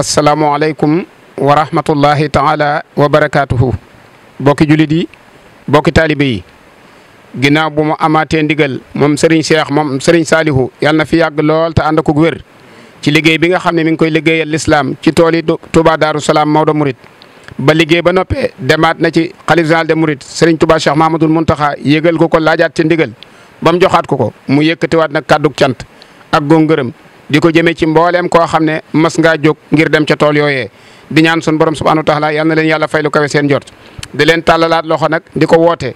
asalaamualeykum wa rahmatullahi taala wa barakaatuhu bokki juli yi bokki taalibe yi ginnaaw bu mu amaatee ndigal moom Serigne Cheikh moom Serigne Salihu yàlla na fi yàgg lool te ànd ko wér ci liggéey bi nga xam ne mi ngi koy liggéeyal lislaam ci tool yi Touba Darou Salaam Maodo Mouride. ba liggéey ba noppee demaat na ci xalif général de Mouride Serigne Touba Cheikh Mahamadoul Mountakha yëgal ko ko laajaat ci ndigal ba mu joxaat ko ko mu yëkkatiwaat na kàddug cant ak goo ngërëm di ko jëmee ci mbooleem koo xam ne mas ngaa jóg ngir dem ca tool yooyee di ñaan sun borom subhanahu wa taala yal na leen yàlla fay lu kawe seen jort di leen tàllalaat loxo nag di ko woote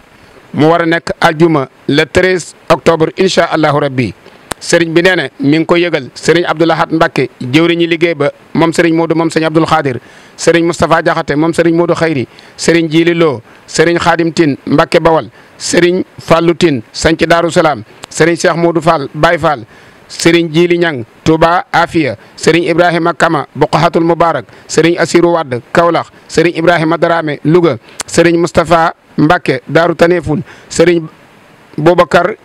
mu war a nekk juma le 13 octobre incha allahu rabbi sëriñ bi nee na mi ngi ko yëgal sëriñ Abdou Lahad Mbacké jëwriñi liggéey ba moom sëriñ Modou moom sëriñ Abdoul Khadir sëriñ Moustapha Diakhaté moom sëriñ Modou Khayri sëriñ Djili Lo sëriñ Khadim tin Mbacké Bawal sëriñ Fallou Tine sanc Daaru Salaam sëriñ Cheikh Modou Fall Baye sëriñ Jili Ñang Touba Afia sëriñ Ibrahima Kama Boqahatul Mubarak sëriñ Asiru Wadd Kaolack sëriñ Ibrahima Darame Louga sëriñ Moustapha Mbacke Daaru Taneful sëriñ Boubacar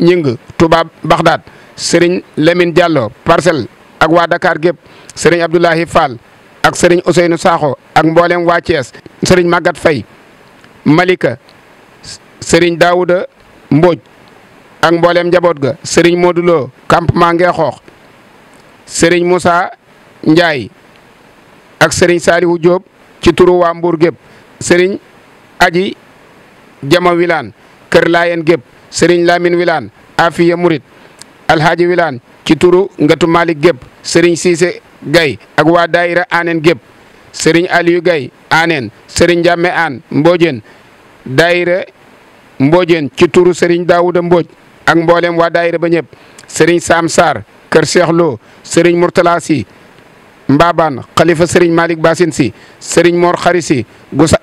Ñing Touba Bagdad sëriñ Lamine Diallo Parcelles ak waa Dakar gépp sëriñ Abdoulahi Fall ak sëriñ Ousseynou Sakho ak mboolem waa Thiès sëriñ Magat Fay Malika sëriñ Daouda Mbodj ak mbooleem njaboot ga sëriñ Modou Lo campement Ngeexoox sëriñ Moussa Ndiaye ak sëriñ Salihu Diop ci turu waa Mbour gépp sëriñ Aji Jama Wilane Kër gépp sëriñ Lamine Wilane Afiya Murit Alhaji Wilane ci turu Ngatu gépp sëriñ Cissé Gaye ak waa Daayira Aneen gépp sëriñ Aliou Gaye Aneen sëriñ Jamme Aan Mbojeen Daayira Mbojeen ci turu sëriñ Daouda ak mboolem waa ba ñëpp sëriñ Sam Sarr kër Cheikh Lo sëriñ Mourtala si Mbabane xalifa sëriñ Malick Bassine si sëriñ Mor Xarisi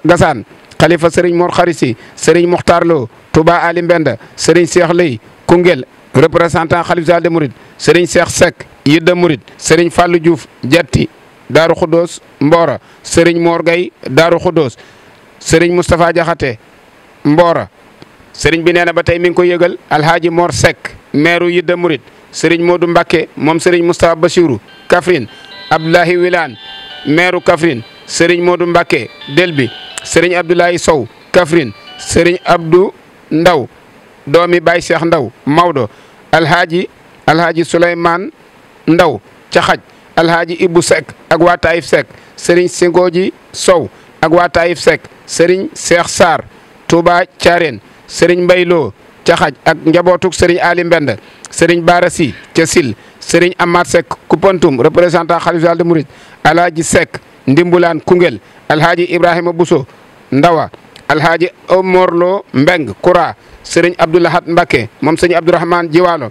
Gassane xalifa sëriñ Mor Xarisi sëriñ Mokhtar Lo Touba Ali Mbenda sëriñ Cheikh Lay Koungheul représentant xalif général des Mourides sëriñ Cheikh Seck Yidda Mouride sëriñ Fallou Diouf Jatti Daaru Khoudoos Mbora sëriñ Mor Gueye Daaru Khoudoos sëriñ Moustapha Diakhaté Mbora sëriñ bi nee na ba tey mi ngi ko yëgal alhaaji Mor sek meeru Yidda Murit sëriñ Modou Mbakke moom sëriñ Moustapha Bassirou Kaffrine Abdoulahi Wilane meeru Kaffrine sëriñ Modou Mbakke Delbi sëriñ Abdoulahi Sow Kaffrine sëriñ Abdou Ndaw doomi Baye sekh Ndaw Maodo alhaaji alhaaji Souleymane Ndaw ca xaj alhaaji Ibou Seck ak waa Taïf Seck sëriñ Singoji Sow ak waa sek Seck sëriñ Cheikh Sarr Touba sëriñ mbayloo ca xaj ak njabootuk sëriñ Ali Mbend sëriñ Baara Si ca Sil sëriñ Amath Seck Koupantoum représentant xalifa général des mourides Alhaji Seck Ndimbulaan Koungheul Alhaji Ibrahima Bousso Ndawa Alhaji Omar Lo Mbeng Koura sëriñ Abdoulahat Mbacké moom sëriñ Abdourahmane Jiwaalo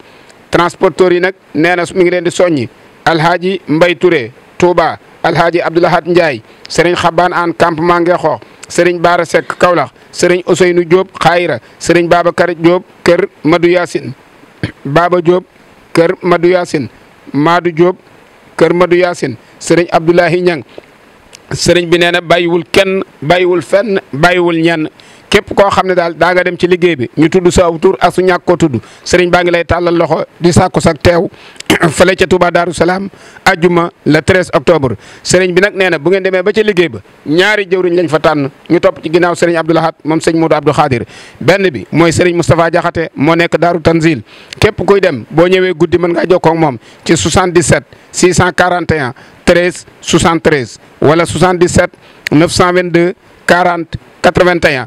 transporteur yi nag nee na mi ngi leen di soññi Alhaji Mbay Touré Touba Alhaji Abdoulahat Ndiaye sëriñ Xabaan an campement Ngexoox sëriñ Baara Seck Kaolack sëriñ Ousseynou Diop Xayra sëriñ Babacar Diop kër Madou Yacine Baba Diop kër Madou Yacine Madou Diop kër Madou Yacine sëriñ Abdoulahi Niang sëriñ bi nee na bàyyiwul kenn bàyyiwul fenn bàyyiwul ñenn képp koo xam ne daal daa nga dem ci liggéey bi ñu tudd sa tur ak ko ñàkk koo tudd sëriñ baa ngi lay tàllal loxo di sàkku sak teew fële ca Touba Darou Salaam ajjuma le 13 octobre sëriñ bi nag nee na bu ngeen demee ba ca liggéey ba ñaari jëwriñ lañ fa tànn ñu topp ci ginnaaw sëriñ Abdou Lahad moom sëñ Modou Abdou Khadir benn bi mooy sëriñ Moustapha Diakhaté moo nekk Darou Tanzil képp kuy dem boo ñëwee guddi man ngaa jokkoo ak moom ci 77 641 13 73 wala 77 922 40 81.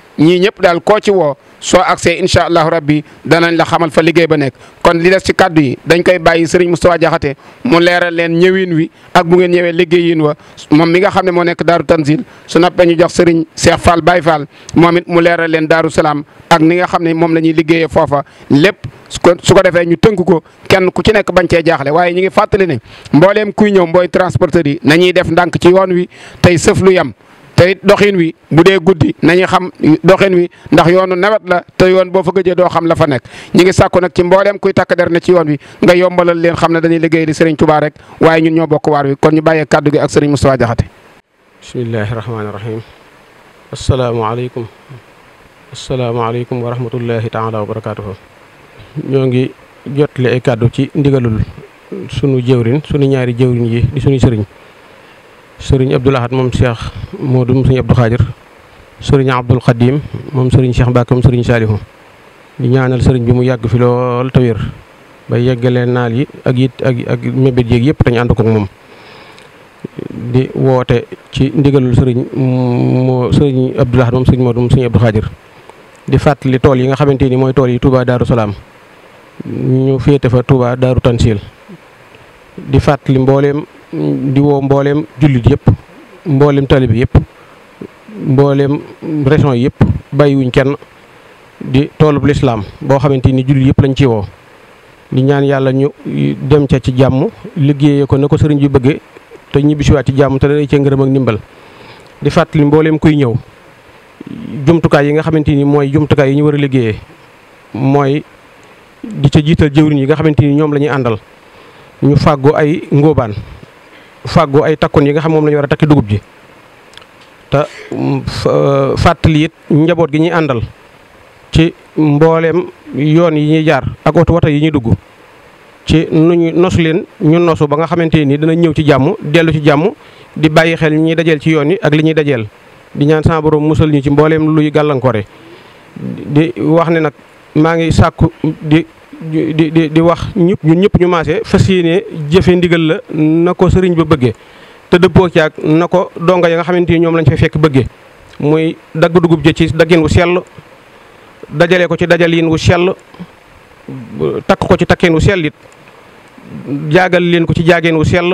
ñii ñëpp daal koo ci woo soo agsee incha allahu rabbi danañ la xamal fa liggéey ba nekk kon li des ci kàddu yi dañ koy bàyyi sëriñ Moustapha Diakhaté mu leeral leen ñëwin wi ak bu ngeen ñëwee liggéeyin wa moom mi nga xam ne moo nekk daaru tanzil su nappee ñu jox sëriñ Cheikh Fall Baye faal moom it mu leeral leen daaru salaam ak ni nga xam ne moom la ñuy liggéeyee foofa lépp su ko su ko defee ñu tënk ko kenn ku ci nekk bañ cee jaaxle waaye ñu ngi fàttali ne mbooleem kuy ñëw mbooy transporteur yi nañuy def ndànk ci yoon wi tey sëf lu yem te doxin wi bu dee guddi nañu xam doxin wi ndax yoonu nawet la te yoon boo fa gëjee doo xam la fa nekk ñi ngi sàkku nag ci mbooleem kuy tàkk der na ci yoon wi nga yombalal leen xam ne dañuy liggéey li Serigne Touba rek waaye ñun ñoo bokk waar wi kon ñu bàyyee kàddu gi ak Serigne Moustapha Diakhaté bismillahi rahmaani rahim asalaamaaleykum asalaamaaleykum wa rahmatullahi taala wa barakaatuhu ñoo ngi jotle ay kàddu ci ndigalul sunu jëwrin sunu ñaari jëwrin yi sëriñ sëriñ Abdoul Ahad moom Cheikh Modou sëriñ Abdou Khadir sëriñ Abdoul Khadim moom sëriñ Cheikh Mbacke moom sëriñ Salihu di ñaanal sëriñ bi mu yàgg fi lool te wér ba yeggalee naal yi ak it ak ak mébét yeeg yëpp dañu ko ak moom. di woote ci ndigalul sëriñ moo sëriñ Abdoul Ahad moom sëriñ Modou moom sëriñ Abdou Khadir di fàttali tool yi nga xamante ni mooy tool yi tuubaa daaru Salaam ñu féete fa Touba Darou Tansil di fàttali mbooleem. di woo mbooleem jullit yëpp mbooleem talib yëpp mbooleem région yëpp bàyyiwuñ kenn di toolub lislaam boo xamante ni jullit yëpp lañ ci woo di ñaan yàlla ñu dem ca ci jàmm liggéeyee ko ne ko sëriñ bi bëggee te ñibbisiwaat ci jàmm te dana cee ngërëm ak ndimbal di fàttali mbooleem kuy ñëw jumtukaay yi nga xamante ni mooy jumtukaay yi ñu war a liggéeyee mooy di ca jiital jëwriñ yi nga xamante ni ñoom lañuy àndal ñu fàggu ay ngóobaan fàggu ay takkoon yi nga xam moom la ñu war a takki dugub ji te mm, euh, fàttali it njaboot gi ñuy àndal ci mbooleem yoon yi ñuy jaar ak oto wata yi ñuy dugg ci nu ñu leen ñu nosu ba nga xamante nii dina ñëw ci jàmm dellu ci jàmm di bàyyi xel ñi ñuy dajeel ci yoon yi ak li ñuy dajeel di ñaan sa borom musal ñu ci mbooleem luy gàllankoore di wax ne nag maa ngi sàkku di di di di wax ñu ñun ñëpp ñu maase fas yéene jëfe ndigal la na ko sëriñ ba bëggee te dëppoo ci ak na ko donga yi nga xamante ni ñoom lañ fay fekk bëggee muy dagg dugub ji ci daggin wu sell dajale ko ci dajalin wu sell takk ko ci takkin wu sell it jaagal leen ko ci jaageen wu sell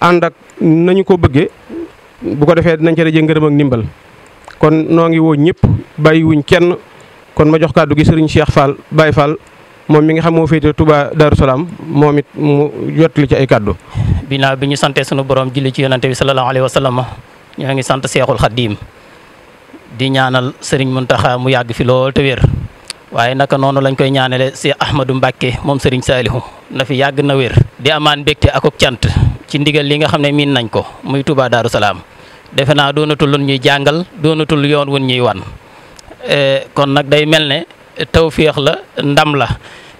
ànd ak nañu ko bëgge bu ko defee dinañ ca dajee ngërëm ak ndimbal kon noo ngi woo ñëpp bàyyiwuñ kenn kon ma jox kàddu gi sëriñ Cheikh Fall Baye Fall moom mi nga xam moo féete Touba Darou Salaam moom it mu jot ci ay kàddu. binaa bi ñu sante sunu borom julli ci yonante bi sallallahu alayhi wa sallam ñoo ngi sant Seexul Xaddiim di ñaanal sëriñ taxa mu yàgg fi lool te wér. waaye naka noonu lañ koy ñaanale Cheikh Ahmadou Mbacke moom sëriñ Saalihu na fi yàgg na wér. di amaan mbégte ak ak cant ci ndigal li nga xam ne miin nañ ko muy tubaa Darou Salaam defe naa doonatul lu ñuy jàngal doonatul yoon wu ñuy wan. Eh, kon nag day mel ne tawféex la ndam la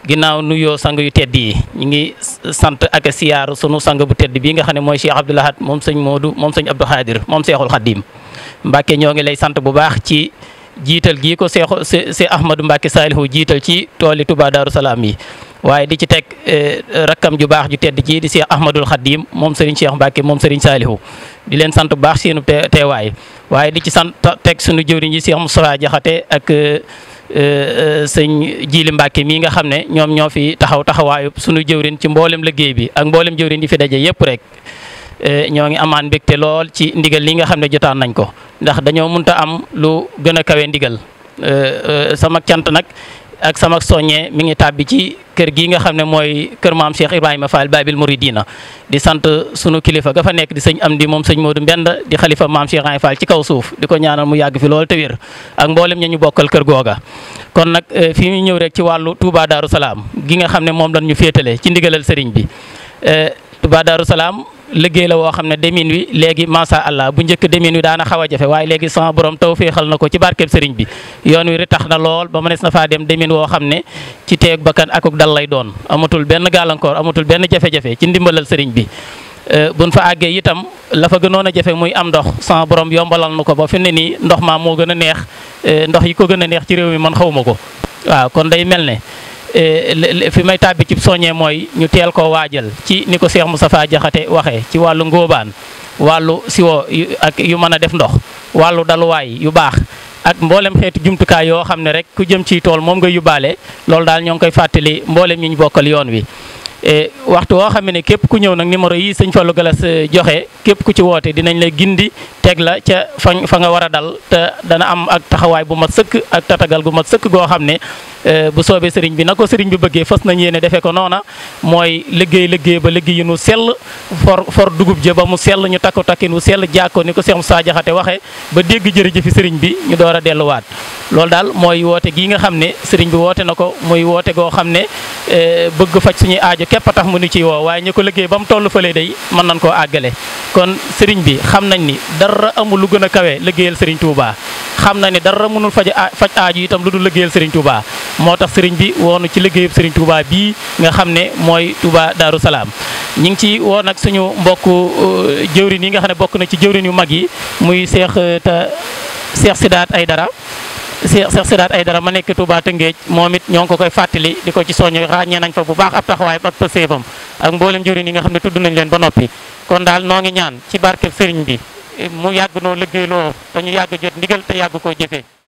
ginnaaw nuyoo sang yu tedd yi ñu ngi sant ak siyaaru sunu sang bu tedd bii nga xam ne mooy Cheikh Abdoul moom sëñ Modou moom sëñ Abdou Khadir moom Cheikhul Khadim Mbacke ñoo ngi lay sant bu baax ci jiital gii ko Cheikh Ahmadou Mbacke Salihu jiital ci tooli tubaa Darou Salaam yi. waaye di ci teg eh, rakkam ju baax ju tedd ji di Cheikh Ahmadul Khadim moom Serigne Cheikh Mbacke moom Serigne Salihu di leen sant bu baax seenu teewaay waaye di ci sant teg sunu jëwriñ ji mu Moustapha Jaxate ak eh, eh, sëñ Jili Mbacke mii nga xam ne ñoom ñoo fi taxaw taxawaayu sunu jëwriñ ci mboolem liggéey bi ak mboolem jëwriñ yi fi daje yëpp rek. ñoo ngi amaan mbégte lool ci ndigal li nga xam ne jotaan nañ ko ndax dañoo munta am lu gën a kawe ndigal sama cant nag ak sama soññe mi ngi tàbbi ci kër gi nga xam ne mooy kër maam Cheikh Ibrahima Fall Babil Mouridina di sant sunu kilifa ga fa nekk di sëñ di moom sëñ Modou Mbend di xalifa maam Cheikh Ibrahima Fall ci kaw suuf di ko ñaanal mu yàgg fi lool te wér ak mboolem ña ñu bokkal kër googa. kon nag eh, fi ñu ñëw rek ci wàllu Touba Darou Salaam gi nga xam ne moom la ñu féetale ci ndigalal sëriñ bi eh, Touba Darou Salaam liggéey la woo xam ne demin wi léegi macha allah bu njëkk demin wi daana xaw a jafe waaye léegi sama borom taw féexal na ko ci barkeb sëriñ bi yoon wi ritax na lool ba mënees na faa dem demin woo xam ne ci teeg bakkan akuk dal lay doon amatul benn gàllankoor amatul benn jafe-jafe ci ndimbalal sëriñ bi euh, buñ fa àggee itam la fa gënoon a jafe muy am ndox sama borom yombalal nu ko ba fi ne nii ndox maa moo gën a neex euh, ndox yi ko gën a neex ci réew mi man xaw ko Eh, fi may tàbbi ci soññee mooy ñu teel koo waajal ci ni ko Cheikh Moustapha Jaxate waxee ci wàllu ngóobaan wàllu yu ak yu mën a def ndox wàllu daluwaay yu baax ak mboolem xeetu jumtukaay yoo xam ne rek ku jëm ci tool moom nga yóbbaale loolu daal ñoo ngi koy fàttali mboolem ñi ñu bokkal yoon wi Eh, waxtu woo xam ne képp ku ñëw nag numéro yi sëñ Fallou Galas eh, joxe képp ku ci woote dinañ la gindi teg la ca fa fa nga war a dal te dana am ak taxawaay bu mat sëkk ak tatagal gu mat sëkk goo xam ne eh, bu soobee sëriñ bi na ko sëriñ bi bëggee fas nañ yéene defee ko noona mooy liggéey liggéey ba liggéey nu sell for for dugub ja ba mu sell ñu takku takkin wu sell jàkko ni ko Cheikh Moussa Diakhaté waxee ba dégg fi sëriñ bi ñu door delluwaat loolu daal mooy woote gii nga xam ne sëriñ bi woote na ko muy woote goo xam ne Eh, bëgg faj suñu aajo képp a tax mu nu ci woo waaye ñu ko liggéey ba mu toll fële day mën nañ koo àggale kon sëriñ bi xam nañ ni dara amul lu gën a kawe liggéeyal sëriñ Touba xam na ni dara mënul faj faj aaju itam lu dul liggéeyal sëriñ Touba moo tax sëriñ bi woonu ci liggéeyub sëriñ Touba bii nga xam ne mooy Touba Darou Salaam ñi ngi ci woo nag suñu mbokk uh, jëwrin yi nga xam ne bokk na ci jëwrin yu mag yi muy seex te seex Sidaat Aydara Cheikh Sidaat Aydara ma nekk Touba Tëngéej moom it ñoo ko koy fàttali di ko ci soññu ràññee nañ fa bu baax ab taxawaay ak pëseefam ak mboolem jëriñ yi nga xam ne tudd nañ leen ba noppi kon daal noo ngi ñaan ci barkeb sëriñ bi mu yàgg noo liggéeyloo te ñu yàgg jot ndigal te yàgg koo jëfee